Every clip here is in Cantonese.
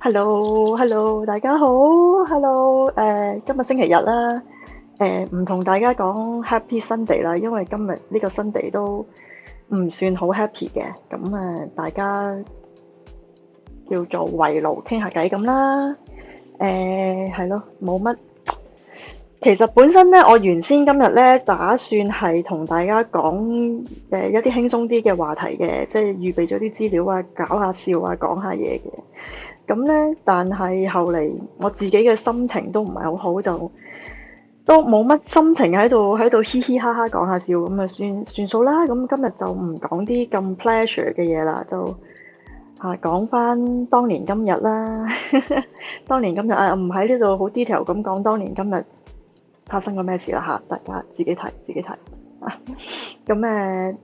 Hello，Hello，hello, 大家好，Hello，誒、呃，今日星期日啦，誒、呃，唔同大家講 Happy Sunday 啦，因為今日呢個 Sunday 都唔算好 Happy 嘅，咁、嗯、啊，大家叫做圍爐傾下偈咁啦，誒，係咯，冇、呃、乜。其實本身呢，我原先今日呢打算係同大家講誒、呃、一啲輕鬆啲嘅話題嘅，即係預備咗啲資料啊，搞下笑啊，講下嘢嘅。咁咧，但係後嚟我自己嘅心情都唔係好好，就都冇乜心情喺度喺度嘻嘻哈哈講下笑，咁啊算算數啦。咁今日就唔講啲咁 pleasure 嘅嘢啦，就吓講翻當年今日啦。 當年今日啊，唔喺呢度好 detail 咁講當年今日發生過咩事啦，吓大家自己睇自己睇。咁、啊、誒，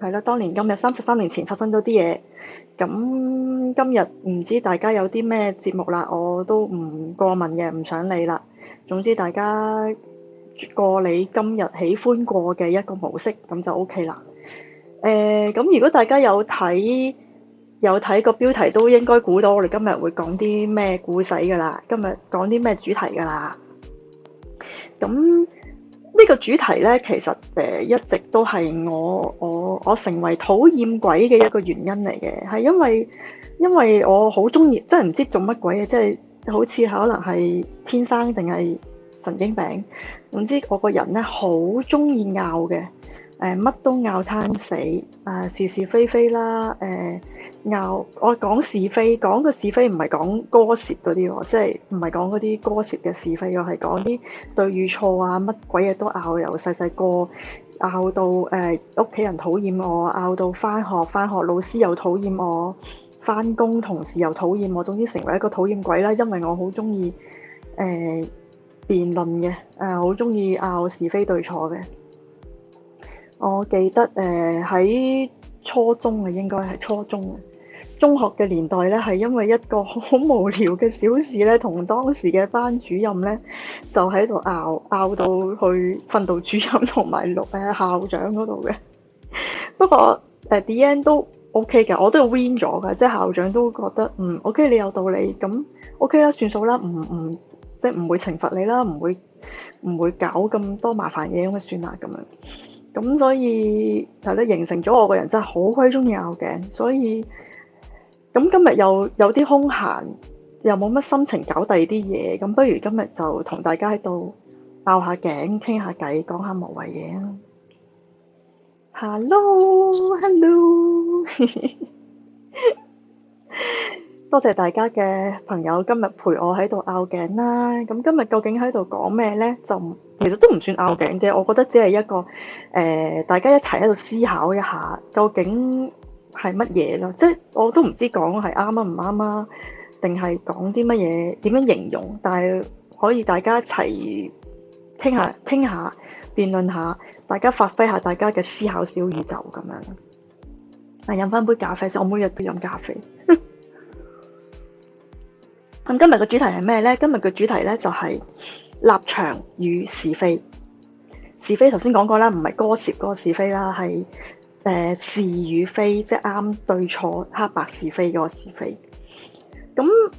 係 啦、啊，當年今日三十三年前發生咗啲嘢。咁今日唔知大家有啲咩節目啦，我都唔過問嘅，唔想理啦。總之大家過你今日喜歡過嘅一個模式，咁就 OK 啦。誒，咁如果大家有睇有睇個標題，都應該估到我哋今日會講啲咩故事噶啦，今日講啲咩主題噶啦。咁。呢個主題呢，其實誒、呃、一直都係我我我成為討厭鬼嘅一個原因嚟嘅，係因為因為我好中意，真係唔知做乜鬼嘢，即係好似可能係天生定係神經病，總之我個人呢，好中意拗嘅，誒、呃、乜都拗餐死啊，是是非非啦，誒、呃。拗我講是非，講個是非唔係講 gossip 嗰啲喎，即係唔係講嗰啲 gossip 嘅是非喎，係講啲對與錯啊，乜鬼嘢都拗，由細細個拗到誒屋企人討厭我，拗到返學返學老師又討厭我，返工同事又討厭我，總之成為一個討厭鬼啦。因為我好中意誒辯論嘅，誒好中意拗是非對錯嘅。我記得誒喺、呃、初中嘅，應該係初中中學嘅年代咧，係因為一個好無聊嘅小事咧，同當時嘅班主任咧就喺度拗，拗到去訓導主任同埋錄誒校長嗰度嘅。 不過誒 The end 都 OK 嘅，我都 win 咗嘅，即係校長都覺得嗯 OK，你有道理咁 OK 啦，算數啦，唔唔即係唔會懲罰你啦，唔會唔會搞咁多麻煩嘢，咁咪算啦咁樣咁，所以係咧，形成咗我個人真係好鬼中意拗頸，所以。咁今日又有啲空閒，又冇乜心情搞第二啲嘢，咁不如今日就同大家喺度拗下頸，傾下偈，講下無謂嘢啊！Hello，hello，多謝大家嘅朋友今日陪我喺度拗頸啦。咁今日究竟喺度講咩呢？就其實都唔算拗頸嘅，我覺得只係一個誒，大家一齊喺度思考一下究竟係乜嘢咯？即係我都唔知講係啱啊唔啱啊，定係講啲乜嘢？點樣形容？但係可以大家一齊傾下、傾下、辯論下，大家發揮下大家嘅思考小宇宙咁樣。嗱、啊，飲翻杯咖啡，就我每日都飲咖啡。咁、 嗯、今日嘅主題係咩呢？今日嘅主題呢，就係立場與是非。是非頭先講過啦，唔係歌涉嗰個是非啦，係。誒、呃、是與非，即啱、對錯、黑白是非嗰個是非，咁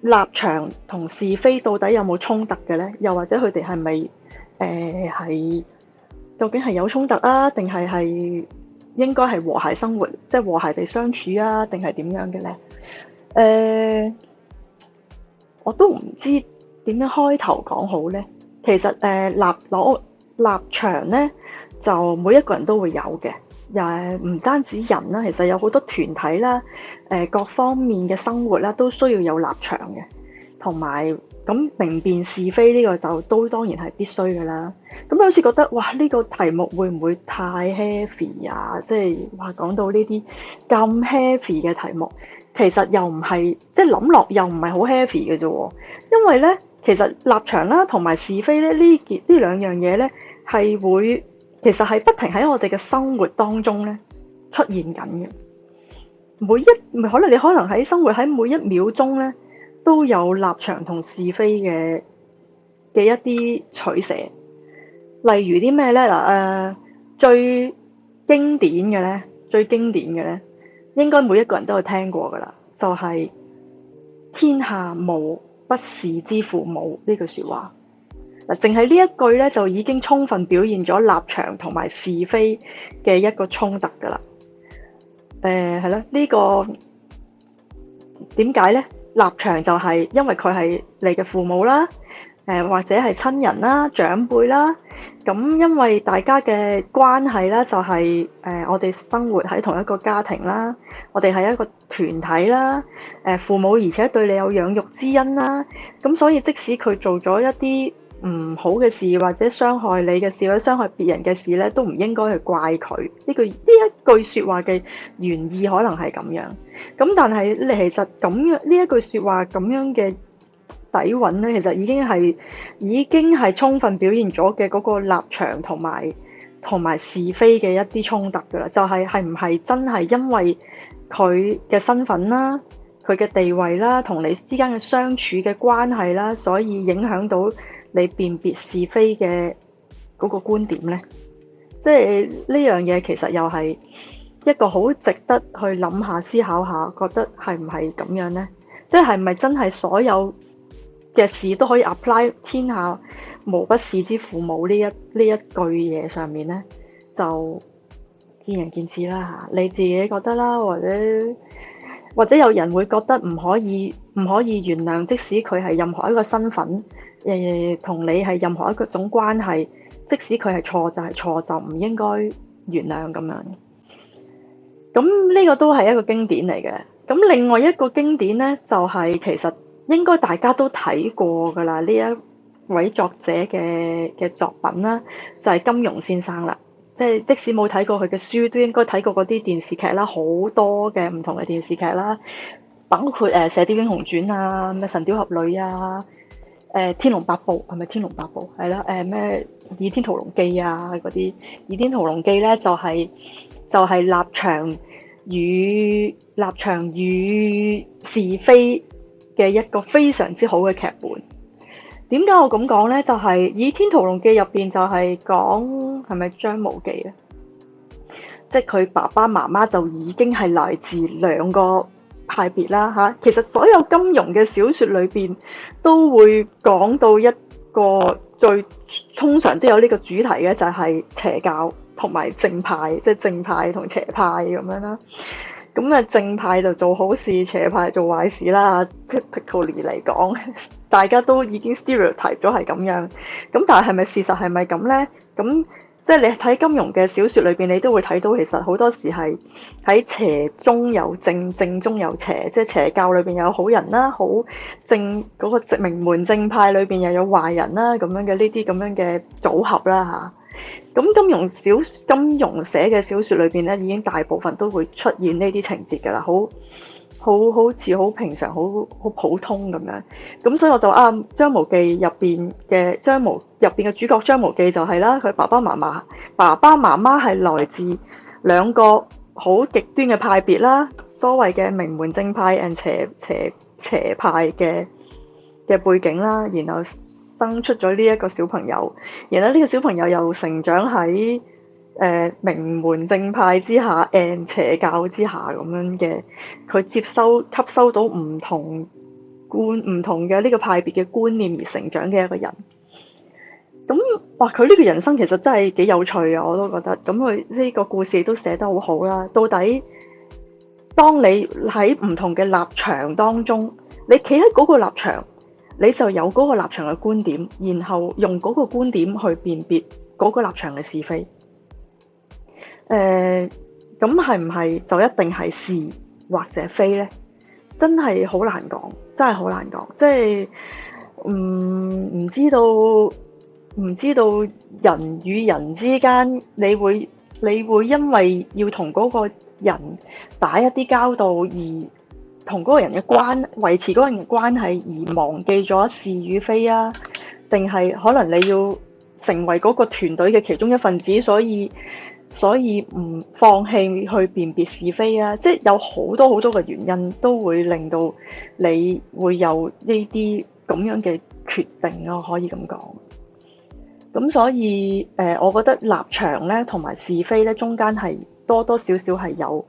立場同是非到底有冇衝突嘅咧？又或者佢哋係咪誒係？究竟係有衝突啊，定係係應該係和諧生活，即係和諧地相處啊，定係點樣嘅咧？誒、呃，我都唔知點樣開頭講好咧。其實誒、呃、立攞立場咧，就每一個人都會有嘅。又唔單止人啦，其實有好多團體啦，誒、呃、各方面嘅生活啦，都需要有立場嘅，同埋咁明辨是非呢個就都當然係必須嘅啦。咁有時覺得哇，呢、呢個題目會唔會太 heavy 啊？即係話講到呢啲咁 heavy 嘅題目，其實又唔係即係諗落又唔係好 heavy 嘅啫喎。因為咧，其實立場啦、啊，同埋是非咧呢件呢兩樣嘢咧係會。其實係不停喺我哋嘅生活當中咧出現緊嘅，每一，咪可能你可能喺生活喺每一秒鐘咧都有立場同是非嘅嘅一啲取捨，例如啲咩咧嗱，誒，最經典嘅咧最經典嘅咧，應該每一個人都有聽過噶啦，就係天下無不是之父母呢句說話。嗱，淨係呢一句咧，就已經充分表現咗立場同埋是非嘅一個衝突噶啦。誒，係咯，呢個點解呢？立場就係因為佢係你嘅父母啦，誒，或者係親人啦、長輩啦。咁因為大家嘅關係啦，就係，誒，我哋生活喺同一個家庭啦，我哋係一個團體啦，誒，父母而且對你有養育之恩啦，咁所以即使佢做咗一啲。唔好嘅事，或者傷害你嘅事，或者傷害別人嘅事咧，都唔應該去怪佢。呢句呢一句說話嘅原意可能係咁樣咁，但係你其實，咁樣呢一句說話，咁樣嘅底蘊咧，其實已經，係已經，係充分表現咗嘅嗰個立場同埋同埋是非嘅一啲衝突噶啦。就係、是，係唔係真係，因為佢嘅身份啦、佢嘅地位啦、同你之間嘅相處嘅關係啦，所以影響到？你辨別是非嘅嗰個觀點呢，即係呢樣嘢其實又係一個好值得去諗下、思考下，覺得係唔係咁樣呢？即係係咪真係所有嘅事都可以 apply 天下無不是之父母呢一呢一句嘢上面呢，就見仁見智啦嚇，你自己覺得啦，或者或者有人會覺得唔可以唔可以原諒，即使佢係任何一個身份。誒，同你係任何一種關係，即使佢係錯就係錯，就唔應該原諒咁樣。咁呢個都係一個經典嚟嘅。咁另外一個經典呢，就係其實應該大家都睇過噶啦，呢一位作者嘅嘅作品啦，就係金庸先生啦。即係即使冇睇過佢嘅書，都應該睇過嗰啲電視劇啦，好多嘅唔同嘅電視劇啦，包括誒《射鵰英雄傳》啊，咩《神鵰俠侶》啊。誒、呃、天龍八部係咪天龍八部係啦？誒咩倚天屠龍記啊嗰啲？倚天屠龍記咧就係、是、就係、是、立場與立場與是非嘅一個非常之好嘅劇本。點解我咁講咧？就係、是、倚天屠龍記入邊就係講係咪張無忌咧？即係佢爸爸媽媽就已經係來自兩個。派別啦嚇，其實所有金融嘅小説裏邊都會講到一個最通常都有呢個主題嘅，就係、是、邪教同埋正派，即係正派同邪派咁樣啦。咁啊正派就做好事，邪派做壞事啦。Typically 嚟講，大家都已經 stereotype 咗係咁樣。咁但係係咪事實係咪咁咧？咁即係你睇金庸嘅小説裏邊，你都會睇到其實好多時係喺邪中有正，正中有邪。即係邪教裏邊有好人啦，好正嗰、嗰個名門正派裏邊又有壞人啦，咁樣嘅呢啲咁樣嘅組合啦嚇。咁金庸小金庸寫嘅小説裏邊咧，已經大部分都會出現呢啲情節㗎啦，好。好好似好平常、好好普通咁樣，咁所以我就啊，張無忌入邊嘅張無入邊嘅主角張無忌就係啦，佢爸爸媽媽爸爸媽媽係來自兩個好極端嘅派別啦，所謂嘅名門正派 and 邪邪邪派嘅嘅背景啦，然後生出咗呢一個小朋友，然後呢個小朋友又成長喺。誒，名門正派之下誒，邪教之下咁樣嘅，佢接收吸收到唔同觀、唔同嘅呢個派別嘅觀念而成長嘅一個人。咁、嗯，哇！佢呢個人生其實真係幾有趣啊，我都覺得。咁佢呢個故事都寫得好好啦。到底，當你喺唔同嘅立場當中，你企喺嗰個立場，你就有嗰個立場嘅觀點，然後用嗰個觀點去辨別嗰個立場嘅是非。誒，咁係唔係就一定係是或者非呢？真係好難講，真係好難講，即係唔唔知道唔知道人與人之間，你會你會因為要同嗰個人打一啲交道而同嗰個人嘅關維持嗰個人嘅關係而忘記咗是與非啊？定係可能你要成為嗰個團隊嘅其中一份子，所以。所以唔放棄去辨別是非啊！即係有好多好多嘅原因都會令到你會有呢啲咁樣嘅決定咯，可以咁講。咁所以誒，我覺得立場咧同埋是非咧中間係多多少少係有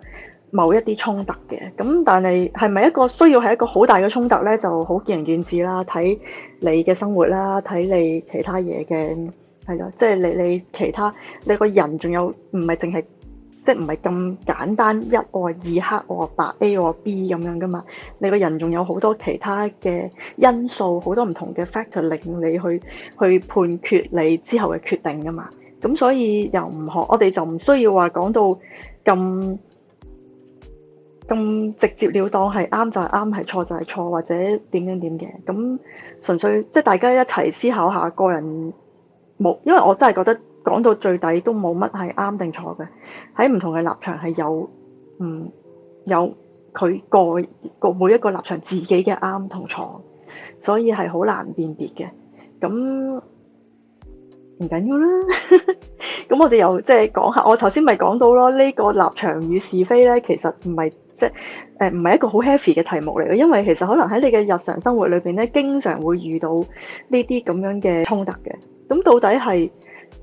某一啲衝突嘅。咁但係係咪一個需要係一個好大嘅衝突咧，就好見仁見智啦。睇你嘅生活啦，睇你其他嘢嘅。係咯，即係你你其他你個人仲有唔係淨係即係唔係咁簡單一愛二黑我白 A 我 B 咁樣噶嘛？你個人仲有好多其他嘅因素，好多唔同嘅 factor 令你去去判決你之後嘅決定噶嘛？咁所以又唔可，我哋就唔需要話講到咁咁直接了當，係啱就係啱，係錯就係錯，或者點樣點嘅咁純粹即係大家一齊思考下個人。冇，因為我真係覺得講到最底都冇乜係啱定錯嘅，喺唔同嘅立場係有嗯有佢個個每一個立場自己嘅啱同錯，所以係好難辨別嘅。咁唔緊要啦，咁 我哋又即係講下，我頭先咪講到咯，呢、這個立場與是非呢，其實唔係即係誒唔係一個好 heavy 嘅題目嚟嘅，因為其實可能喺你嘅日常生活裏邊呢，經常會遇到呢啲咁樣嘅衝突嘅。咁到底係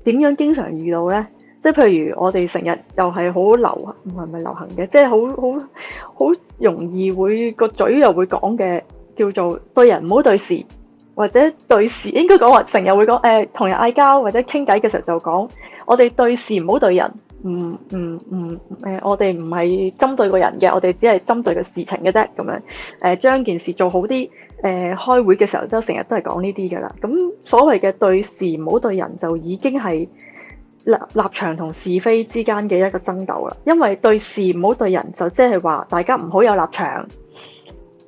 點樣經常遇到呢？即係譬如我哋成日又係好流行，唔係唔係流行嘅，即係好好好容易會個嘴又會講嘅，叫做對人唔好對事，或者對事應該講話成日會講誒、呃，同人嗌交或者傾偈嘅時候就講，我哋對事唔好對人，唔唔唔誒，我哋唔係針對個人嘅，我哋只係針對個事情嘅啫，咁樣誒，將、呃、件事做好啲。誒、呃，開會嘅時候都成日都係講呢啲㗎喇，咁所謂嘅對事唔好對人就已經係立立場同是非之間嘅一個爭鬥啦。因為對事唔好對人，就即係話大家唔好有立場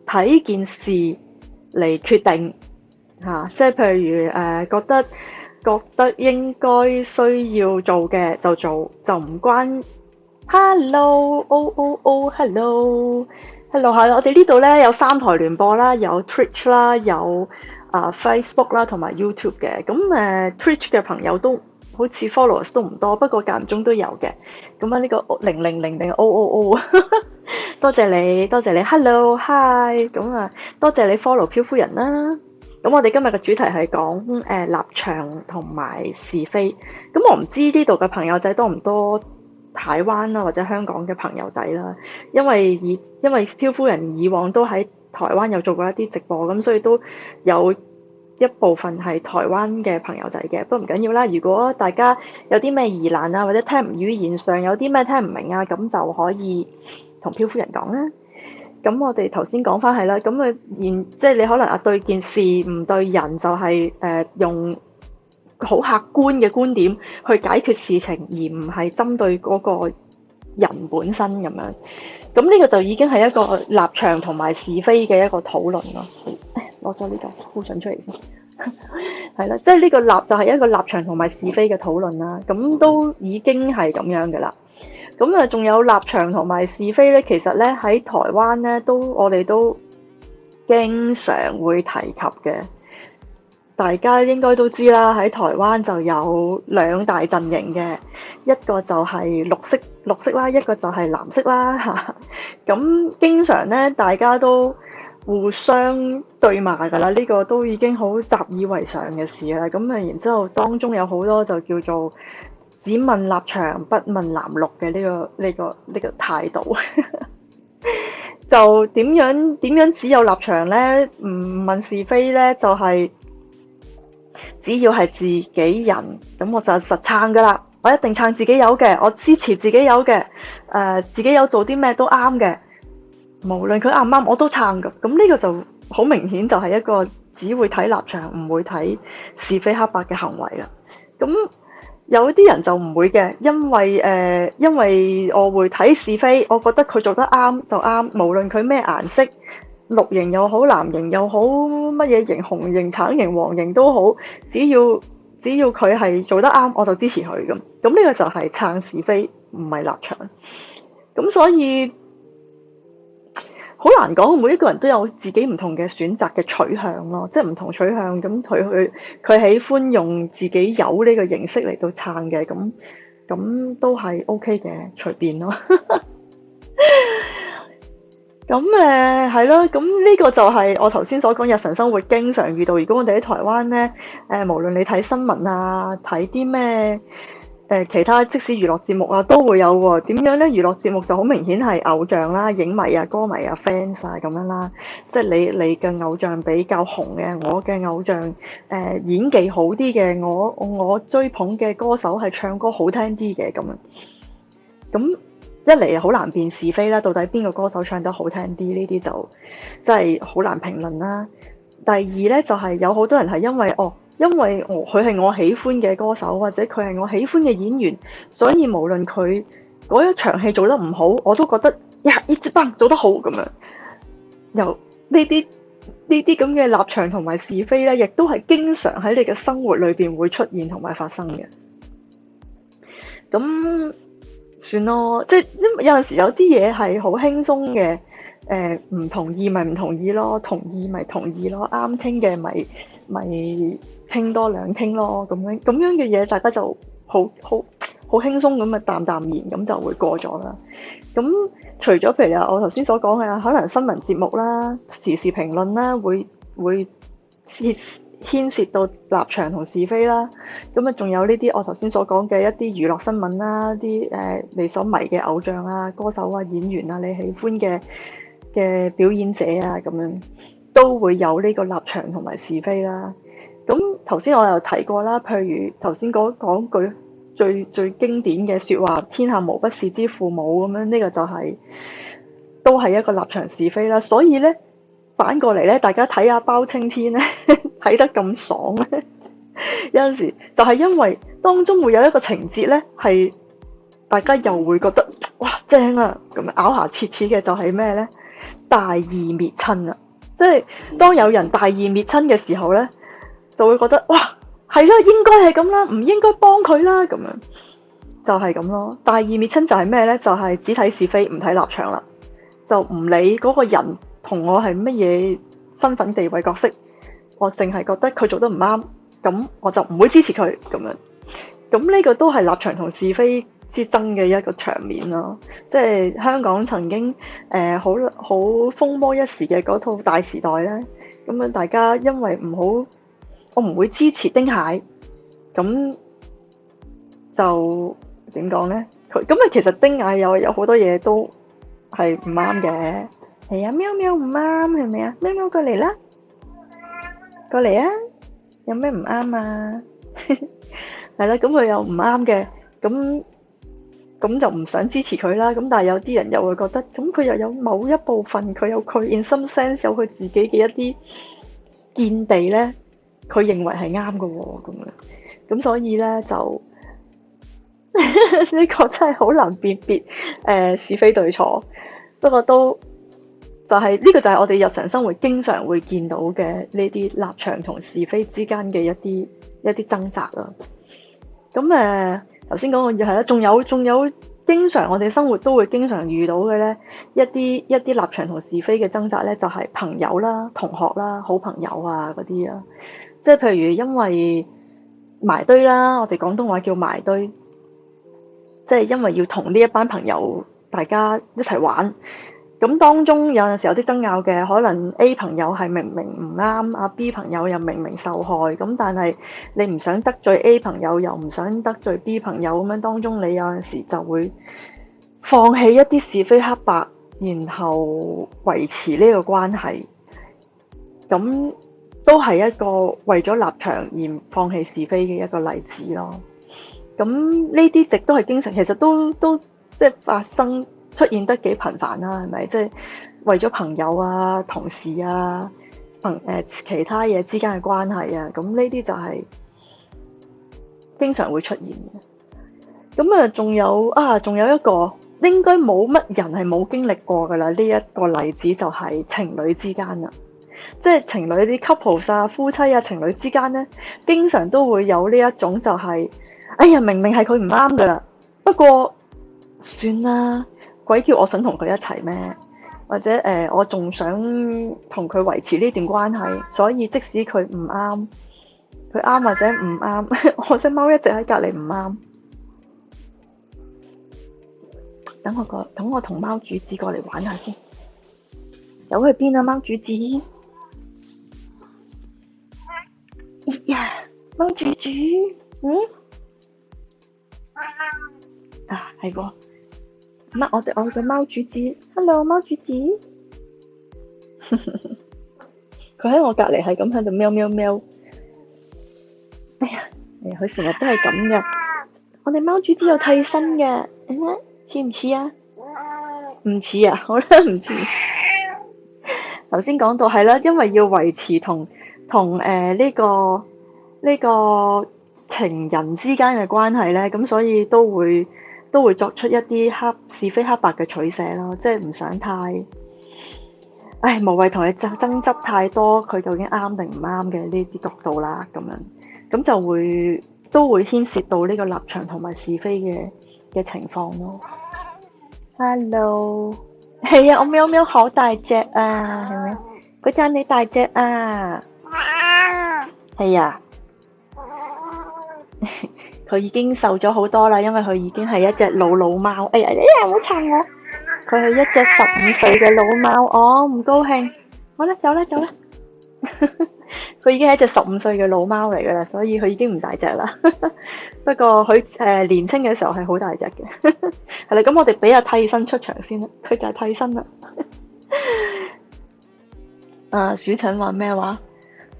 睇件事嚟決定吓，啊，即係譬如誒、呃，覺得覺得應該需要做嘅就做，就唔關。Hello，哦哦哦，Hello。Hello，我哋呢度咧有三台聯播啦，有，Twitch, 有、uh, Facebook, uh, Twitch 啦，有啊 Facebook 啦，同埋 YouTube 嘅。咁誒 Twitch 嘅朋友都好似 followers 都唔多，不過間中都有嘅。咁啊呢個零零零零 O O O，多謝你，多謝你，Hello，Hi，咁啊、uh, 多謝你 Follow 漂夫人啦。咁我哋今日嘅主題係講誒立場同埋是非。咁我唔知呢度嘅朋友仔多唔多？台灣啦，或者香港嘅朋友仔啦，因為以因為漂夫人以往都喺台灣有做過一啲直播，咁所以都有一部分係台灣嘅朋友仔嘅。不過唔緊要啦，如果大家有啲咩疑難啊，或者聽唔語言上有啲咩聽唔明啊，咁就可以同漂夫人講啦。咁我哋頭先講返係啦，咁佢現即係你可能啊對件事唔對人、就是，就係誒用。好客觀嘅觀點去解決事情，而唔係針對嗰個人本身咁樣。咁呢個就已經係一個立場同埋是非嘅一個討論咯。攞咗呢個呼 p 出嚟先，係 啦，即係呢個立就係一個立場同埋是非嘅討論啦。咁都已經係咁樣嘅啦。咁啊，仲有立場同埋是非呢，其實呢喺台灣呢，都我哋都經常會提及嘅。大家應該都知啦，喺台灣就有兩大陣營嘅，一個就係綠色，綠色啦；一個就係藍色啦。咁 經常咧，大家都互相對罵噶啦，呢、呢個都已經好習以為常嘅事啦。咁啊，然之後當中有好多就叫做只問立場不問藍綠嘅呢、呢個呢、呢個呢、呢個這個態度 就。就點樣點樣只有立場呢？唔問是非呢，就係、係。只要係自己人，咁我就實撐噶啦！我一定撐自己有嘅，我支持自己有嘅。誒、呃，自己有做啲咩都啱嘅，無論佢啱唔啱，我都撐噶。咁呢個就好明顯就係一個只會睇立場，唔會睇是非黑白嘅行為啦。咁有啲人就唔會嘅，因為誒、呃，因為我會睇是非，我覺得佢做得啱就啱，無論佢咩顏色。綠營又好，藍營又好，乜嘢營，紅營、橙營、黃營都好，只要只要佢係做得啱，我就支持佢咁。咁呢個就係撐是非，唔係立場。咁所以好難講，每一個人都有自己唔同嘅選擇嘅取向咯，即係唔同取向。咁佢佢佢喜歡用自己有呢個形式嚟到撐嘅，咁咁都係 OK 嘅，隨便咯。 咁誒，係咯，嗯，咁、嗯、呢、嗯嗯，呢個就係我頭先所講日常生活經常遇到。如果我哋喺台灣呢，誒、呃，無論你睇新聞啊，睇啲咩誒其他，即使娛樂節目啊，都會有點、啊、樣呢？娛樂節目就好明顯係偶像啦、影迷啊、歌迷啊、fans 啊咁樣啦。即係你你嘅偶像比較紅嘅，我嘅偶像誒、呃、演技好啲嘅，我我追捧嘅歌手係唱歌好聽啲嘅咁樣。咁、嗯嗯一嚟好難辨是非啦，到底邊個歌手唱得好聽啲？呢啲就真係好難評論啦。第二呢，就係、是、有好多人係因為哦，因為我佢係我喜歡嘅歌手，或者佢係我喜歡嘅演員，所以無論佢嗰一場戲做得唔好，我都覺得呀，一直得做得好咁樣。由呢啲呢啲咁嘅立場同埋是非呢，亦都係經常喺你嘅生活裏邊會出現同埋發生嘅。咁。算咯，即係因有陣時有啲嘢係好輕鬆嘅。誒、呃，唔同意咪唔同意咯，同意咪同意咯，啱傾嘅咪咪傾多兩傾咯。咁樣咁樣嘅嘢，大家就好好好輕鬆咁啊，淡淡然咁就會過咗啦。咁除咗譬如啊，我頭先所講嘅可能新聞節目啦、時事評論啦，會會牽涉到立場同是非啦，咁啊仲有呢啲我頭先所講嘅一啲娛樂新聞啦，啲誒你所迷嘅偶像啊、歌手啊、演員啊、你喜歡嘅嘅表演者啊，咁樣都會有呢個立場同埋是非啦。咁頭先我又提過啦，譬如頭先講講句最最經典嘅說話：天下無不是之父母。咁樣呢、呢個就係、是、都係一個立場是非啦。所以呢。反過嚟咧，大家睇下包青天咧睇 得咁爽咧， 有陣時就係、是、因為當中會有一個情節咧，係大家又會覺得哇正啊，咁咬牙切齒嘅就係咩咧？大義滅親啊！即、就、係、是、當有人大義滅親嘅時候咧，就會覺得哇係、啊、啦，應該係咁啦，唔應該幫佢啦，咁、就是、樣就係咁咯。大義滅親就係咩咧？就係、是、只睇是非唔睇立場啦，就唔理嗰個人，同我係乜嘢身份地位角色，我淨係覺得佢做得唔啱，咁我就唔會支持佢咁樣。咁呢個都係立場同是非之爭嘅一個場面咯。即係香港曾經誒、呃、好好風波一時嘅嗰套大時代咧，咁樣大家因為唔好，我唔會支持丁蟹，咁就點講咧？佢咁啊，其實丁蟹有有好多嘢都係唔啱嘅。係啊，喵喵唔啱係咪啊？喵喵過嚟啦，過嚟啊！有咩唔啱啊？係啦，咁佢又唔啱嘅，咁咁就唔想支持佢啦。咁但係有啲人又會覺得，咁佢又有某一部分，佢有佢 in some sense 有佢自己嘅一啲見地咧，佢認為係啱嘅。咁樣咁所以咧就呢個真係好難辨別誒是非對錯。不過都。就係呢個就係我哋日常生活經常會見到嘅呢啲立場同是非之間嘅一啲一啲掙扎啦。咁誒，頭先講嘢係啦，仲有仲有，有，經常我哋生活都會經常遇到嘅呢一啲一啲立場同是非嘅掙扎呢就係、是、朋友啦、同學啦、好朋友啊嗰啲啊，即係譬如因為埋堆啦，我哋廣東話叫埋堆，即、就、係、是、因為要同呢一班朋友大家一齊玩。咁當中有陣時有啲爭拗嘅，可能 A 朋友係明明唔啱，阿 B 朋友又明明受害，咁但係你唔想得罪 A 朋友，又唔想得罪 B 朋友咁樣，當中你有陣時就會放棄一啲是非黑白，然後維持呢個關係，咁都係一個為咗立場而放棄是非嘅一個例子咯。咁呢啲亦都係經常，其實都都即係發生。出現得幾頻繁啦，係咪？即係為咗朋友啊、同事啊、朋誒其他嘢之間嘅關係啊，咁呢啲就係經常會出現嘅。咁、嗯、啊，仲有啊，仲有一個應該冇乜人係冇經歷過噶啦。呢、這、一個例子就係情侶之間啦，即係情侶啲 couple 啊、夫妻啊、情侶之間呢，經常都會有呢一種就係、是、哎呀，明明係佢唔啱噶啦，不過算啦。鬼叫我想同佢一齊咩？或者誒、呃，我仲想同佢維持呢段關係，所以即使佢唔啱，佢啱或者唔啱， 我隻貓一直喺隔籬唔啱。等我個，等我同貓主子過嚟玩，玩下先。走去邊啊，貓主子？熱呀，貓主子，嗯？Yeah. 啊，係個。乜我哋愛嘅貓主子，hello 貓主子，佢喺 我隔籬係咁喺度喵喵喵，哎呀，哎呀，佢成日都係咁嘅。啊、我哋貓主子有替身嘅，似唔似啊？唔似啊，好啦、啊，唔似、啊。頭先講到係啦，因為要維持同同誒呢個呢、呢個情人之間嘅關係咧，咁所以都會。都會作出一啲黑是非黑白嘅取捨咯，即係唔想太，唉無謂同你爭爭執太多，佢究竟啱定唔啱嘅呢啲角度啦，咁樣咁就會都會牽涉到呢個立場同埋是非嘅嘅情況咯。Hello，係啊，我喵喵好大隻啊，係咪？嗰陣你大隻啊！係啊。佢已經瘦咗好多啦，因為佢已經係一隻老老貓。哎呀，哎呀，唔好撐我！佢係一隻十五歲嘅老貓，我、哦、唔高興。好啦，走啦，走啦。佢 已經係一隻十五歲嘅老貓嚟噶啦，所以佢已經唔大隻啦。不過佢誒年輕嘅時候係好大隻嘅。係 啦，咁我哋俾阿替身出場先啦。佢就係替身啦。 啊，鼠診話咩話？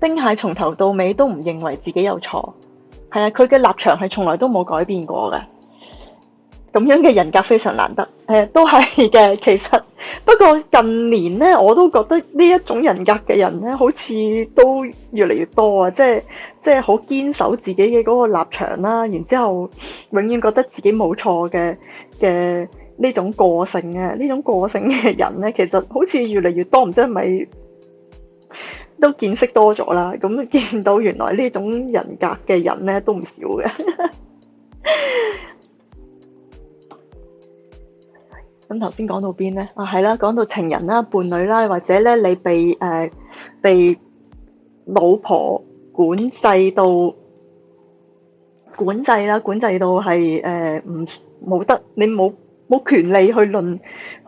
丁蟹從頭到尾都唔認為自己有錯。係啊，佢嘅立場係從來都冇改變過嘅，咁樣嘅人格非常難得。誒，都係嘅。其實不過近年咧，我都覺得呢一種人格嘅人咧，好似都越嚟越多啊！即係即係好堅守自己嘅嗰個立場啦，然之後永遠覺得自己冇錯嘅嘅呢種個性啊，呢種個性嘅人咧，其實好似越嚟越多，唔知係咪？都見識多咗啦，咁見到原來呢種人格嘅人咧都唔少嘅。咁頭先講到邊咧？啊，係啦，講到情人啦、伴侶啦，或者咧你被誒、呃、被老婆管制到管制啦，管制到係誒唔冇得，你冇冇權利去論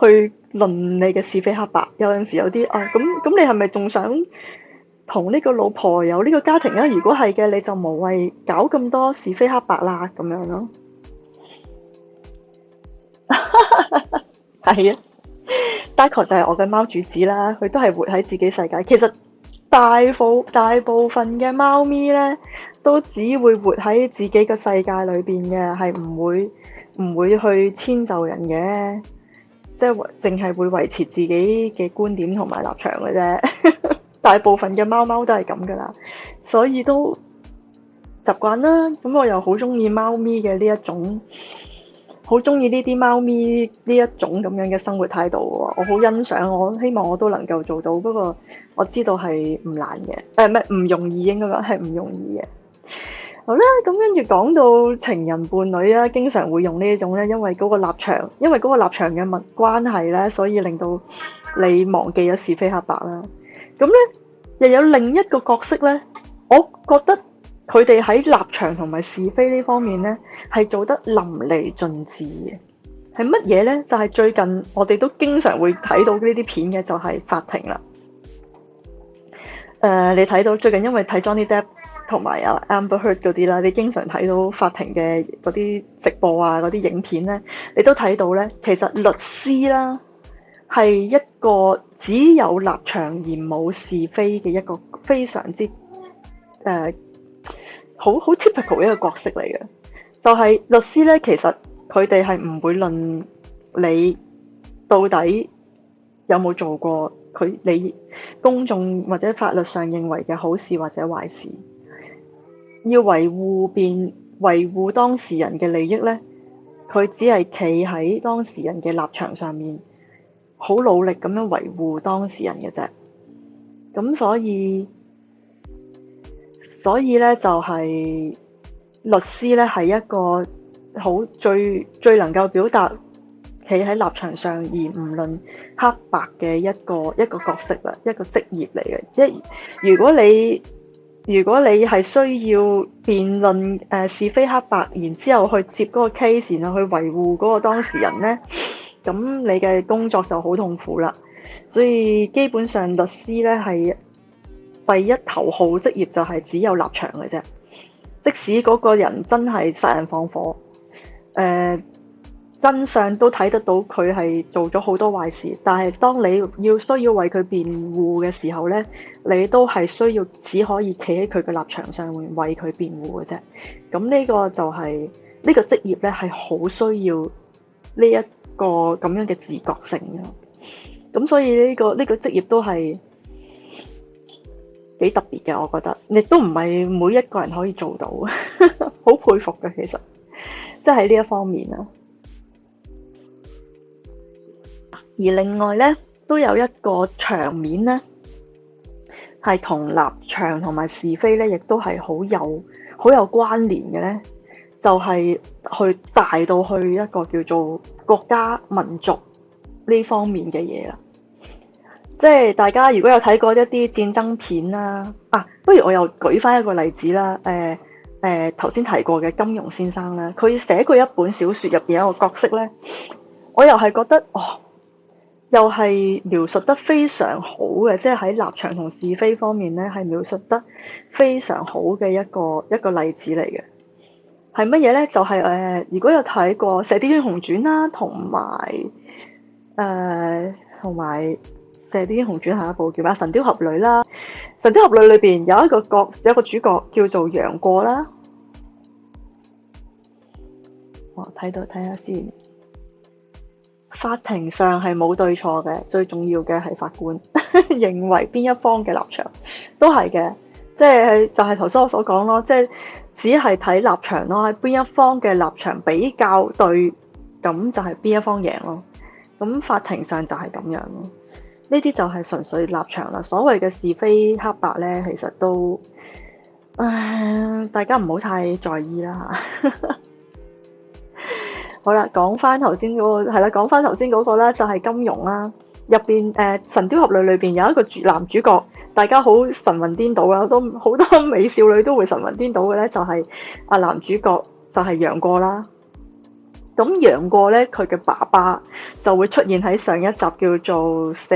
去論你嘅是非黑白。有陣時有啲啊，咁咁你係咪仲想？同呢個老婆有呢個家庭啦，如果係嘅，你就無謂搞咁多是非黑白啦，咁樣咯。係啊，Dakar 就係我嘅貓主子啦，佢都係活喺自己世界。其實大部大部份嘅貓咪呢，都只會活喺自己嘅世界裏邊嘅，係唔會唔會去遷就人嘅，即係淨係會維持自己嘅觀點同埋立場嘅啫。 大部分嘅貓貓都係咁㗎啦，所以都習慣啦。咁我又好中意貓咪嘅呢一種，好中意呢啲貓咪呢一種咁樣嘅生活態度喎、哦。我好欣賞，我希望我都能夠做到。不過我知道係唔難嘅，誒唔係唔容易，應該講係唔容易嘅。好啦，咁跟住講到情人伴侶啦，經常會用呢一種咧，因為嗰個立場，因為嗰個立場嘅物關係咧，所以令到你忘記咗是非黑白啦。咁咧，又有另一個角色咧，我覺得佢哋喺立場同埋是非呢方面咧，係做得淋漓盡致嘅。係乜嘢咧？就係最近我哋都經常會睇到呢啲片嘅，就係法庭啦。誒、呃，你睇到最近因為睇 Johnny Depp 同埋啊 Amber Heard 嗰啲啦，你經常睇到法庭嘅嗰啲直播啊、嗰啲影片咧，你都睇到咧，其實律師啦。係一個只有立場而冇是非嘅一個非常之誒好、uh, 好 typical 一個角色嚟嘅。就係、是、律師呢，其實佢哋係唔會論你到底有冇做過佢你公眾或者法律上認為嘅好事或者壞事。要維護變維護當事人嘅利益呢，佢只係企喺當事人嘅立場上面。好努力咁樣維護當事人嘅啫，咁所以所以呢，就係律師呢係一個好最最能夠表達企喺立場上而唔論黑白嘅一個一個角色啦，一個職業嚟嘅。一如果你如果你係需要辯論誒是非黑白，然之後去接嗰個 case 然後去維護嗰個當事人呢。咁你嘅工作就好痛苦啦，所以基本上律師呢係第一頭號職業就係只有立場嘅啫。即使嗰個人真係殺人放火，誒、呃、真相都睇得到佢係做咗好多壞事，但係當你要需要為佢辯護嘅時候呢，你都係需要只可以企喺佢嘅立場上面為佢辯護嘅啫。咁呢個就係、是、呢、呢個職業呢，係好需要呢一。個咁樣嘅自覺性咯，咁所以呢個呢個職業都係幾特別嘅，我覺得亦都唔係每一個人可以做到，好 佩服嘅其實，即係呢一方面啦。而另外呢，都有一個場面呢，係同立場同埋是非呢，亦都係好有好有關聯嘅呢。就係去大到去一個叫做國家民族呢方面嘅嘢啦，即係大家如果有睇過一啲戰爭片啦、啊，啊，不如我又舉翻一個例子啦，誒、呃、誒，頭、呃、先提過嘅金庸先生啦，佢寫過一本小說入邊一個角色咧，我又係覺得哦，又係描述得非常好嘅，即係喺立場同是非方面咧，係描述得非常好嘅一個一個例子嚟嘅。係乜嘢咧？就係、是、誒、呃，如果有睇過《射雕英雄傳》啦，同埋誒，同埋《射雕英雄傳》下一部叫咩《神雕俠侶》啦，《神雕俠侶》裏邊有一個角，有一個主角叫做楊過啦。我睇到睇下先，法庭上係冇對錯嘅，最重要嘅係法官 認為邊一方嘅立場都係嘅，即係就係頭先我所講咯，即、就、係、係。只係睇立場咯，喺邊一方嘅立場比較對，咁就係邊一方贏咯。咁法庭上就係咁樣咯。呢啲就係純粹立場啦。所謂嘅是非黑白呢，其實都，唉，大家唔好太在意啦吓。 好啦，講翻頭先嗰個，係啦，講翻頭先嗰個啦，就係、是、金融啦。入邊誒，神雕俠侶裏邊有一個主男主角。大家好神魂顛倒啦，都好多美少女都會神魂顛倒嘅咧，就係、是、阿男主角就係楊過啦。咁楊過咧，佢嘅爸爸就會出現喺上一集叫做《射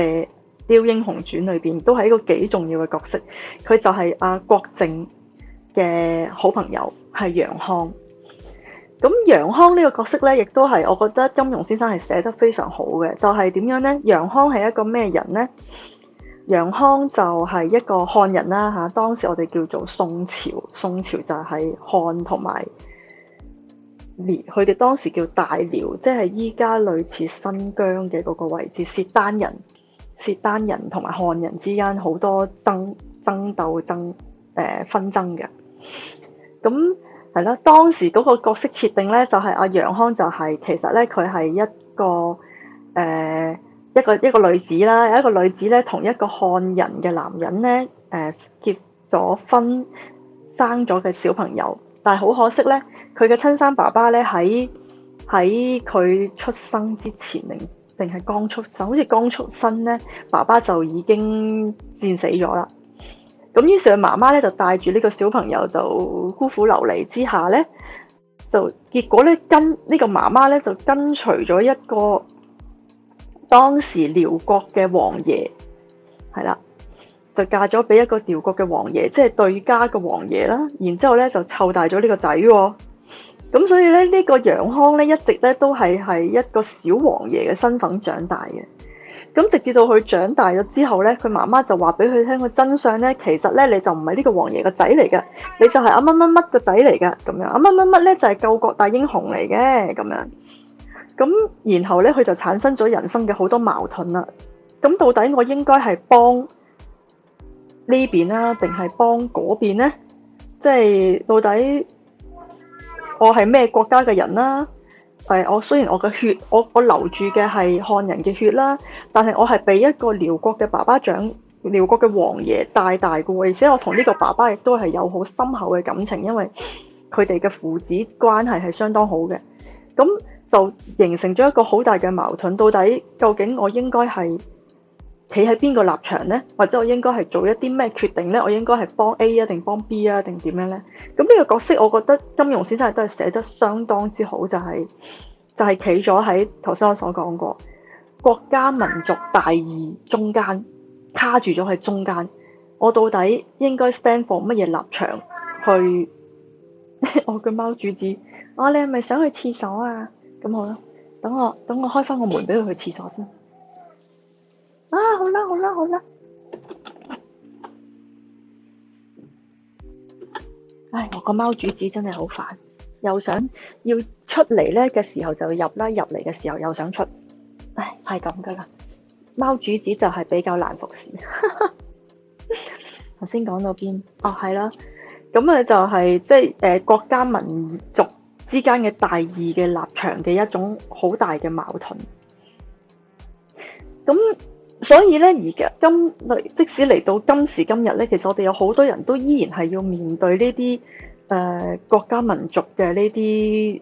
雕英雄傳》裏邊，都係一個幾重要嘅角色。佢就係阿、啊、郭靖嘅好朋友，係楊康。咁楊康呢個角色咧，亦都係我覺得金庸先生係寫得非常好嘅。就係、是、點樣呢？楊康係一個咩人呢？楊康就係一個漢人啦，吓，當時我哋叫做宋朝，宋朝就係漢同埋遼，佢哋當時叫大遼，即係依家類似新疆嘅嗰個位置，契丹人、契丹人同埋漢人之間好多爭爭鬥爭、爭、呃、誒紛爭嘅。咁係咯，當時嗰個角色設定咧，就係阿楊康就係、是、其實咧，佢係一個誒。呃一個一個女子啦，有一個女子咧，同一個漢人嘅男人咧，誒、呃、結咗婚，生咗嘅小朋友，但係好可惜咧，佢嘅親生爸爸咧，喺喺佢出生之前，定定係剛出生，好似剛出生咧，爸爸就已經戰死咗啦。咁於是佢媽媽咧就帶住呢個小朋友就孤苦流離之下咧，就結果咧跟呢、呢個媽媽咧就跟隨咗一個。當時遼國嘅王爺係啦，就嫁咗俾一個遼國嘅王爺，即係對家嘅王爺啦。然之後咧就湊大咗呢個仔，哦，咁所以咧呢，呢個楊康咧一直咧都係係一個小王爺嘅身份長大嘅。咁直至到佢長大咗之後咧，佢媽媽就話俾佢聽個真相咧，其實咧你就唔係呢個王爺個仔嚟嘅，你就係阿乜乜乜個仔嚟嘅咁樣。阿乜乜乜咧就係救國大英雄嚟嘅咁樣。咁，然後咧，佢就產生咗人生嘅好多矛盾啦。咁、嗯、到底我應該係幫呢邊啦、啊，定係幫嗰邊呢？即係到底我係咩國家嘅人啦、啊？誒、哎，我雖然我嘅血，我我流住嘅係漢人嘅血啦、啊，但係我係俾一個遼國嘅爸爸長，遼國嘅王爺帶大嘅喎。而且我同呢個爸爸亦都係有好深厚嘅感情，因為佢哋嘅父子關係係相當好嘅。咁、嗯就形成咗一個好大嘅矛盾，到底究竟我應該係企喺邊個立場呢？或者我應該係做一啲咩決定呢？我應該係幫 A 啊，定幫 B 啊，定點樣呢？咁呢個角色，我覺得金庸先生都係寫得相當之好，就係、是、就係企咗喺頭先我所講過國家民族大義中間卡住咗喺中間，我到底應該 stand for 乜嘢立場去？ 我嘅貓主子，我、哦、你係咪想去廁所啊？咁好啦，等我等我開翻個門俾佢去廁所先。啊，好啦好啦好啦。唉，我個貓主子真係好煩，又想要出嚟咧嘅時候就入啦，入嚟嘅時候又想出。唉，係咁噶啦。貓主子就係比較難服侍。頭先講到邊？哦，係啦。咁啊就係、是、即係誒、呃、國家民族。之間嘅大義嘅立場嘅一種好大嘅矛盾，咁所以咧而家今即使嚟到今時今日咧，其實我哋有好多人都依然係要面對呢啲誒國家民族嘅呢啲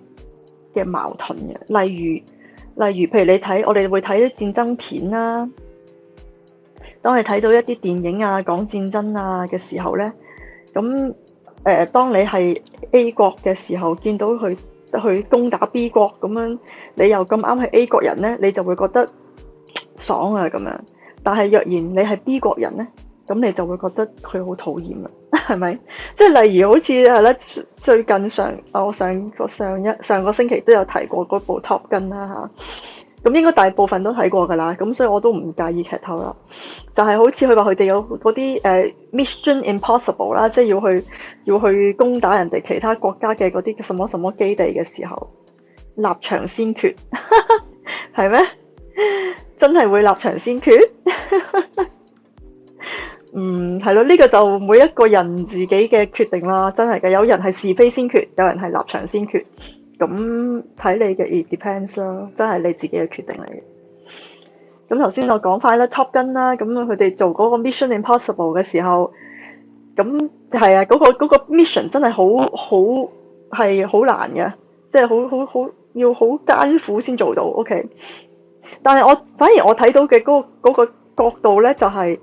嘅矛盾嘅，例如例如譬如你睇我哋會睇啲戰爭片啦，當你睇到一啲電影啊講戰爭啊嘅時候咧，咁。誒、呃，當你係 A 國嘅時候，見到佢去攻打 B 國咁樣，你又咁啱係 A 國人咧，你就會覺得爽啊咁樣。但係若然你係 B 國人咧，咁你就會覺得佢好討厭啦，啊，係咪？即係例如好似係啦，最近上我、哦、上個上一上個星期都有提過嗰部 Top Gun 啦嚇。咁應該大部分都睇過㗎啦，咁所以我都唔介意劇透啦。就係好似佢話佢哋有嗰啲誒 Mission Impossible 啦，即係要去要去攻打人哋其他國家嘅嗰啲什麼什麼基地嘅時候，立場先決係咩？ 是嗎 真係會立場先決？ 嗯，係咯，呢個就每一個人自己嘅決定啦，真係嘅。有人係是非先決，有人係立場先決。咁睇你嘅，it depends 咯，都係你自己嘅決定嚟。咁頭先我講快啦，Top Gun 啦，咁佢哋做嗰個 Mission Impossible 嘅時候，咁係啊，嗰個嗰個 mission 真係好好係好難嘅，即係好好好要好艱苦先做到。OK，但係我反而我睇到嘅嗰個嗰個角度咧，就係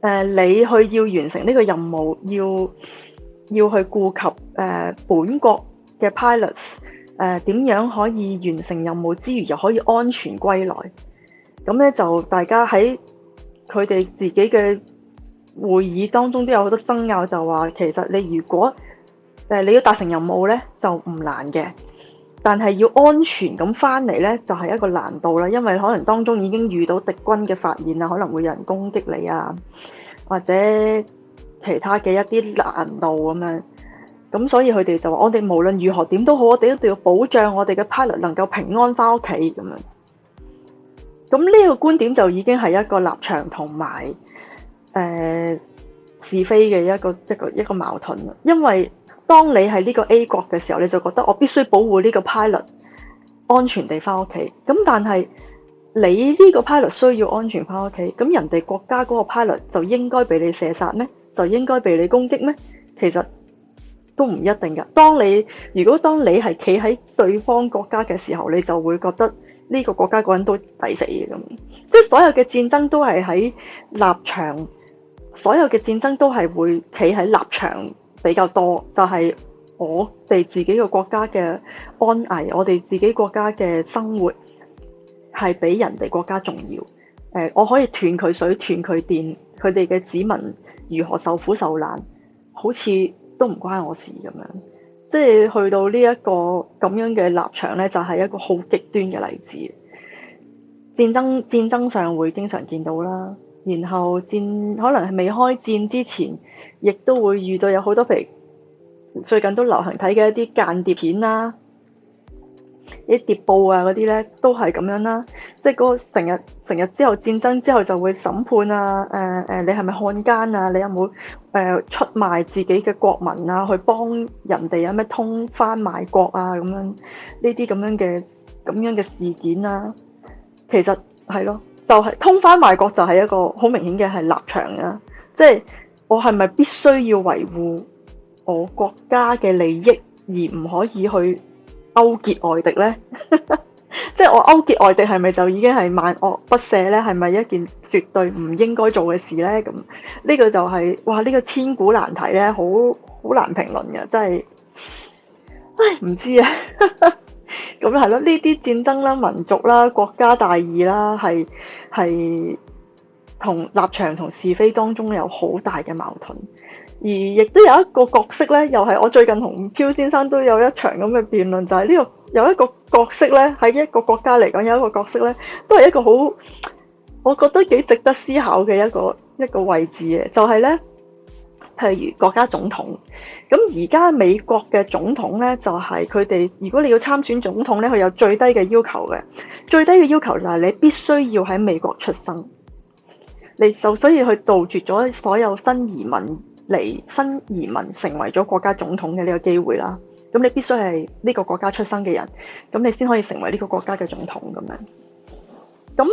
誒你去要完成呢個任務，要要去顧及誒本國。嘅 pilots，呃、點樣可以完成任務之餘又可以安全歸來，咁咧就大家喺佢哋自己嘅會議當中都有好多爭拗，就話其實你如果誒、呃、你要達成任務咧就唔難嘅，但係要安全咁翻嚟咧就係、是、一個難度啦，因為可能當中已經遇到敵軍嘅發現啊，可能會有人攻擊你啊，或者其他嘅一啲難度咁樣。咁所以佢哋就話我哋無論如何點都好，我哋一定要保障我哋嘅 pilot 能夠平安翻屋企咁樣。咁呢個觀點就已經係一個立場同埋誒、是非嘅一個一個一個矛盾啦。因為當你係呢個 A 國嘅時候，你就覺得我必須保護呢個 pilot 安全地翻屋企。咁但係你呢個 pilot 需要安全翻屋企，咁人哋國家嗰個 pilot 就應該畀你射殺咩？就應該畀你攻擊咩？其實。都唔一定㗎。當你如果當你係企喺對方國家嘅時候，你就會覺得呢個國家個人都抵死咁。即係所有嘅戰爭都係喺立場，所有嘅戰爭都係會企喺立場比較多。就係、是、我哋自己個國家嘅安危，我哋自己國家嘅生活係比人哋國家重要。誒、呃，我可以斷佢水、斷佢電，佢哋嘅子民如何受苦受難？好似。都唔關我事咁樣，即係去到呢、這、一個咁樣嘅立場呢，就係、是、一個好極端嘅例子，戰爭戰爭上會經常見到啦，然後戰可能係未開戰之前，亦都會遇到有好多譬如最近都流行睇嘅一啲間諜片啦。啲諜報啊嗰啲咧都係咁樣啦，啊，即係嗰、嗰個成日成日之後戰爭之後就會審判啊，誒、呃、誒，你係咪漢奸啊？你有冇誒、呃、出賣自己嘅國民啊？去幫人哋有咩通翻賣國啊？咁樣呢啲咁樣嘅咁樣嘅事件啊，其實係咯，就係、是、通翻賣國就係一個好明顯嘅係立場啊。即係我係咪必須要維護我國家嘅利益而唔可以去勾結外敵呢？即 係我勾結外敵係咪就已經係萬惡不赦呢？係咪一件絕對唔應該做嘅事呢？咁呢個就係、是、哇呢、呢個千古難題呢，好好難評論嘅，真係唉唔知啊。咁係咯，呢啲戰爭啦、民族啦、國家大義啦，係係同立場同是非當中有好大嘅矛盾。而亦都有一個角色咧，又係我最近同漂先生都有一場咁嘅辯論，就係、是、呢個有一個角色咧喺一個國家嚟講有一個角色咧都係一個好，我覺得幾值得思考嘅一個一個位置嘅，就係、是、咧，譬如國家總統，咁。而家美國嘅總統咧，就係佢哋如果你要參選總統咧，佢有最低嘅要求嘅最低嘅要求就係你必須要喺美國出生，你就所以去杜絕咗所有新移民。嚟新移民成為咗國家總統嘅呢個機會啦，咁你必須係呢個國家出生嘅人，咁你先可以成為呢個國家嘅總統咁樣。咁，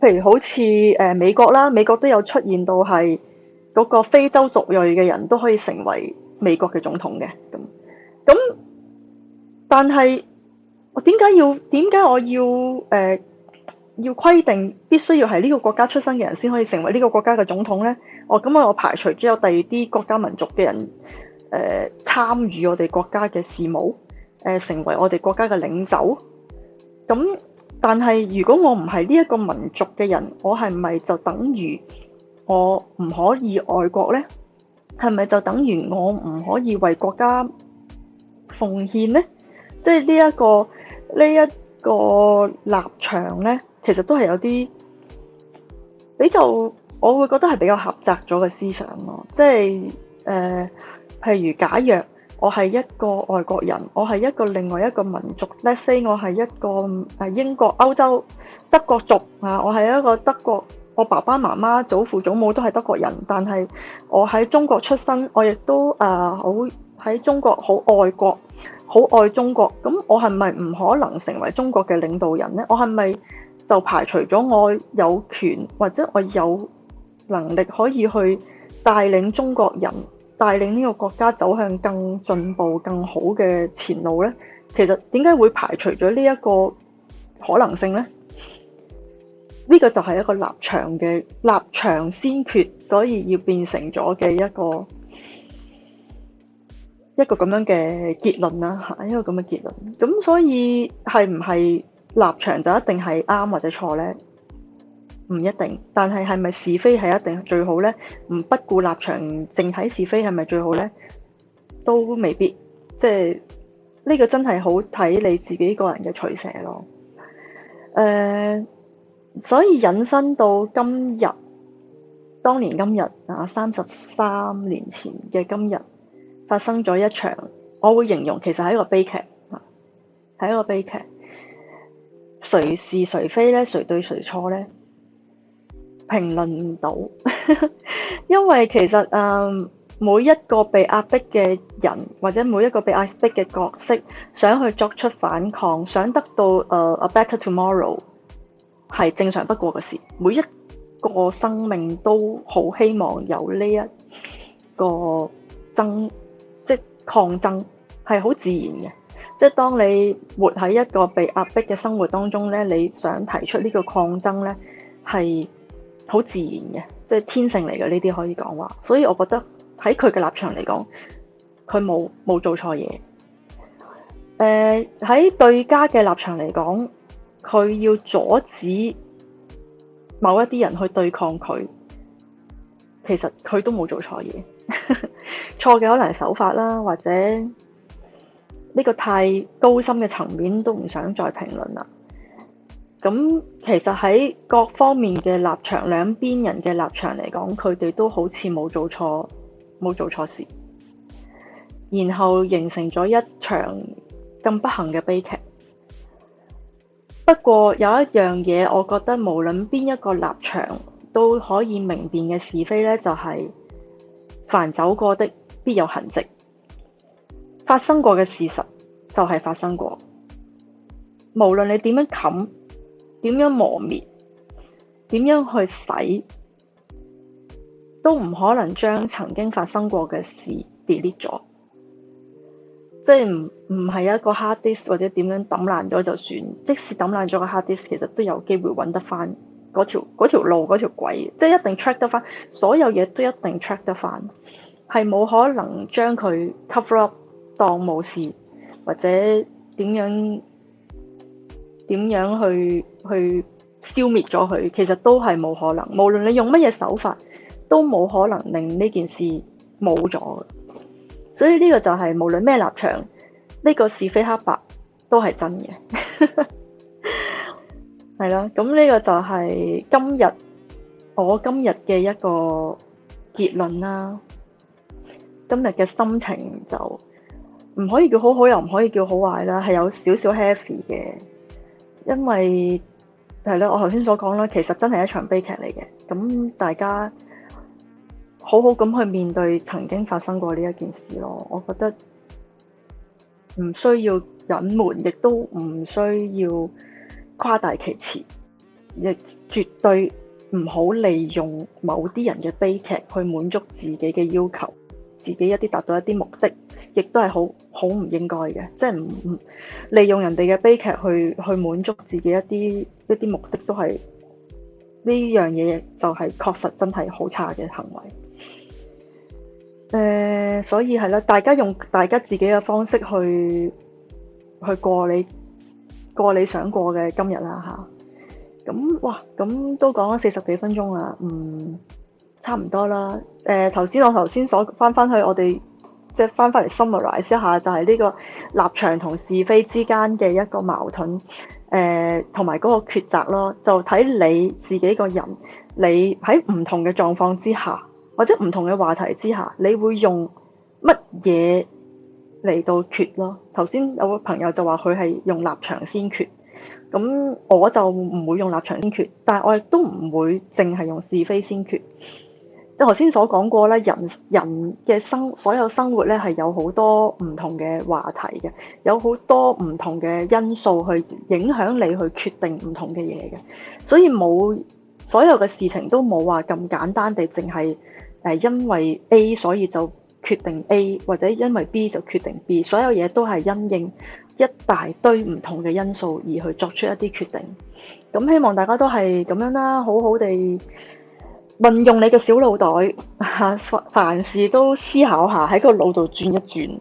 譬如好似誒、呃、美國啦，美國都有出現到係嗰、那個非洲族裔嘅人都可以成為美國嘅總統嘅，咁咁，但係我點解要點解我要誒、呃、要規定必須要係呢個國家出生嘅人先可以成為呢個國家嘅總統呢？哦，咁我排除咗有第二啲國家民族嘅人，誒參與我哋國家嘅事務誒、呃、成為我哋國家嘅領袖。咁、嗯，但係如果我唔係呢一個民族嘅人，我係咪就等於我唔可以愛國咧？係咪就等於我唔可以為國家奉獻咧？即係呢一個呢一、個立場咧，其實都係有啲比較。我會覺得係比較狹窄咗嘅思想咯，即係誒、呃，譬如假若我係一個外國人，我係一個另外一個民族，Let's say 我係一個誒、呃、英國、歐洲、德國族啊，我係一個德國，我爸爸媽媽、祖父祖母都係德國人，但係我喺中國出生，我亦都誒好喺中國好愛國，好愛中國，咁我係咪唔可能成為中國嘅領導人呢？我係咪就排除咗我有權或者我有能力可以去帶領中國人帶領呢個國家走向更進步、更好嘅前路咧，其實點解會排除咗呢一個可能性咧？呢個就係一個立場嘅立場先決，所以要變成咗嘅一個一個咁樣嘅結論啦吓，一個咁嘅結論。咁所以係唔係立場就一定係啱或者錯咧？唔一定，但係係咪是非係一定最好呢？唔不顧立場，淨睇是非係咪最好呢？都未必，即係呢個真係好睇你自己個人嘅取捨咯。誒、呃，所以引申到今日，當年今日啊，三十三年前嘅今日發生咗一場，我會形容其實係一個悲劇啊，係一個悲劇。誰是誰非呢？誰對誰錯呢？評論唔到，因為其實誒、嗯、每一個被壓迫嘅人，或者每一個被壓迫嘅角色，想去作出反抗，想得到誒、uh, a better tomorrow，係正常不過嘅事。每一個生命都好希望有呢一個爭，即抗爭，係好自然嘅。即係當你活喺一個被壓迫嘅生活當中咧，你想提出呢個抗爭咧，係。好自然嘅，即係天性嚟嘅，呢啲可以講話，所以我覺得喺佢嘅立場嚟講，佢冇冇做錯嘢。誒，喺對家嘅立場嚟講，佢要阻止某一啲人去對抗佢，其實佢都冇做錯嘢，錯 嘅可能係手法啦，或者呢個太高深嘅層面都唔想再評論啦。咁其實喺各方面嘅立場，兩邊人嘅立場嚟講，佢哋都好似冇做錯冇做錯事，然後形成咗一場咁不幸嘅悲劇。不過有一樣嘢，我覺得無論邊一個立場都可以明辨嘅是非呢，就係、是、凡走過的必有痕跡，發生過嘅事實就係發生過，無論你點樣冚。點樣磨滅？點樣去洗？都唔可能將曾經發生過嘅事 delete 咗。即係唔唔係一個 hard disk 或者點樣抌爛咗就算。即使抌爛咗個 hard disk，其實都有機會揾得翻嗰條，嗰條路嗰條軌，即係一定 track 得翻。所有嘢都一定 track 得翻，係冇可能將佢 cover up 當冇事或者點樣。點樣去去消滅咗佢，其實都係冇可能。無論你用乜嘢手法，都冇可能令呢件事冇咗。所以呢個就係、是、無論咩立場，呢、呢個是非黑白都係真嘅。係 啦，咁呢個就係今日我今日嘅一個結論啦。今日嘅心情就唔可以叫好，好，好又唔可以叫好壞啦，係有少少 happy 嘅。因為係咧，我頭先所講啦，其實真係一場悲劇嚟嘅。咁大家好好咁去面對曾經發生過呢一件事咯。我覺得唔需要隱瞞，亦都唔需要誇大其詞，亦絕對唔好利用某啲人嘅悲劇去滿足自己嘅要求，自己一啲達到一啲目的。亦都係好好唔應該嘅，即係唔唔利用人哋嘅悲劇去去滿足自己一啲一啲目的都，都係呢樣嘢就係確實真係好差嘅行為。誒、呃，所以係啦，大家用大家自己嘅方式去去過你過你想過嘅今日啦吓，咁、啊、哇，咁都講咗四十幾分鐘啦，嗯，差唔多啦。誒、呃，頭先我頭先所返返去我哋。即係翻翻嚟 summarize 一下，就係、是、呢個立場同是非之間嘅一個矛盾，誒、呃，同埋嗰個抉擇咯。就睇你自己個人，你喺唔同嘅狀況之下，或者唔同嘅話題之下，你會用乜嘢嚟到決咯？頭先有個朋友就話佢係用立場先決，咁我就唔會用立場先決，但係我亦都唔會淨係用是非先決。我頭先所講過咧，人人嘅生所有生活咧係有好多唔同嘅話題嘅，有好多唔同嘅因素去影響你去決定唔同嘅嘢嘅，所以冇所有嘅事情都冇話咁簡單地，淨係誒因為 A 所以就決定 A，或者因為 B 就決定 B，所有嘢都係因應一大堆唔同嘅因素而去作出一啲決定。咁希望大家都係咁樣啦，好好地。運用你嘅小腦袋，啊，凡事都思考下，喺個腦度轉一轉，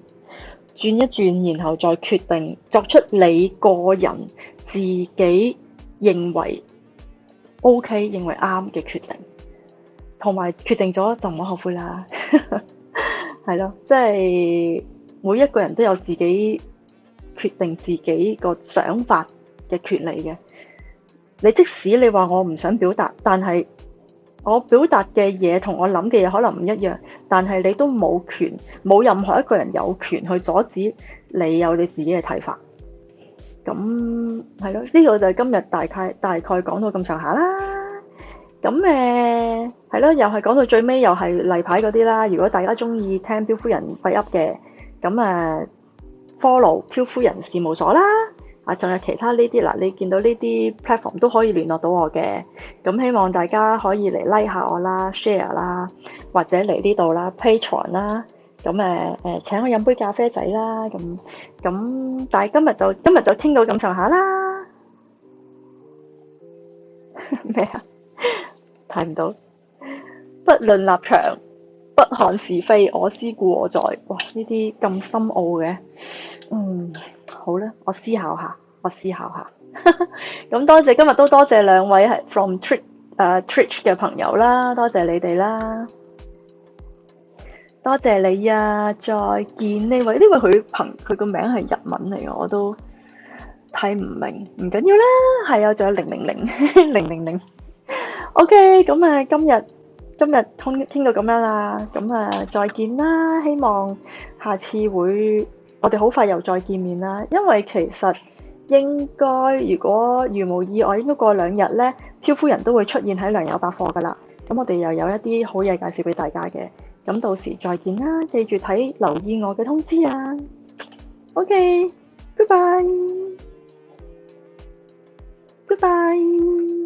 轉一轉，然後再決定作出你個人自己認為 OK、認為啱嘅決定，同埋決定咗就唔好後悔啦。係 咯，即係每一個人都有自己決定自己個想法嘅權利嘅。你即使你話我唔想表達，但係。我表達嘅嘢同我諗嘅嘢可能唔一樣，但係你都冇權冇任何一個人有權去阻止你有你自己嘅睇法。咁係咯，呢、這個就係今日大概大概講到咁上下啦。咁誒係咯，又係講到最尾又係例牌嗰啲啦。如果大家中意聽漂夫人廢噏嘅，咁誒、啊、Follow 漂夫人事務所啦。仲有其他呢啲啦，你見到呢啲 platform 都可以聯絡到我嘅，咁、嗯、希望大家可以嚟拉、like、下我啦，share 啦，或者嚟呢度啦，Patreon 啦，咁誒誒請我飲杯咖啡仔啦，咁、嗯、咁、嗯，但係今日就今日就傾到咁上下啦，咩 麼啊？睇 唔到，不論立場。不看是非，我思故我在。哇，呢啲咁深奧嘅，嗯，好啦，我思考下，我思考下。咁 多謝今日都多謝兩位係 from Trich 誒 Trich 嘅朋友啦，多謝你哋啦，多謝你啊，再見呢位呢位佢朋佢個名係日文嚟嘅，我都睇唔明，唔緊要啦，係、 okay，啊，仲有零零零零零零，OK，咁啊今日。今日通傾到咁樣啦，咁啊再見啦！希望下次會我哋好快又再見面啦。因為其實應該如果如無意外，應該過兩日呢，漂夫人都會出現喺糧油百貨噶啦。咁我哋又有一啲好嘢介紹俾大家嘅。咁到時再見啦，記住睇留意我嘅通知啊。OK，拜拜，拜拜。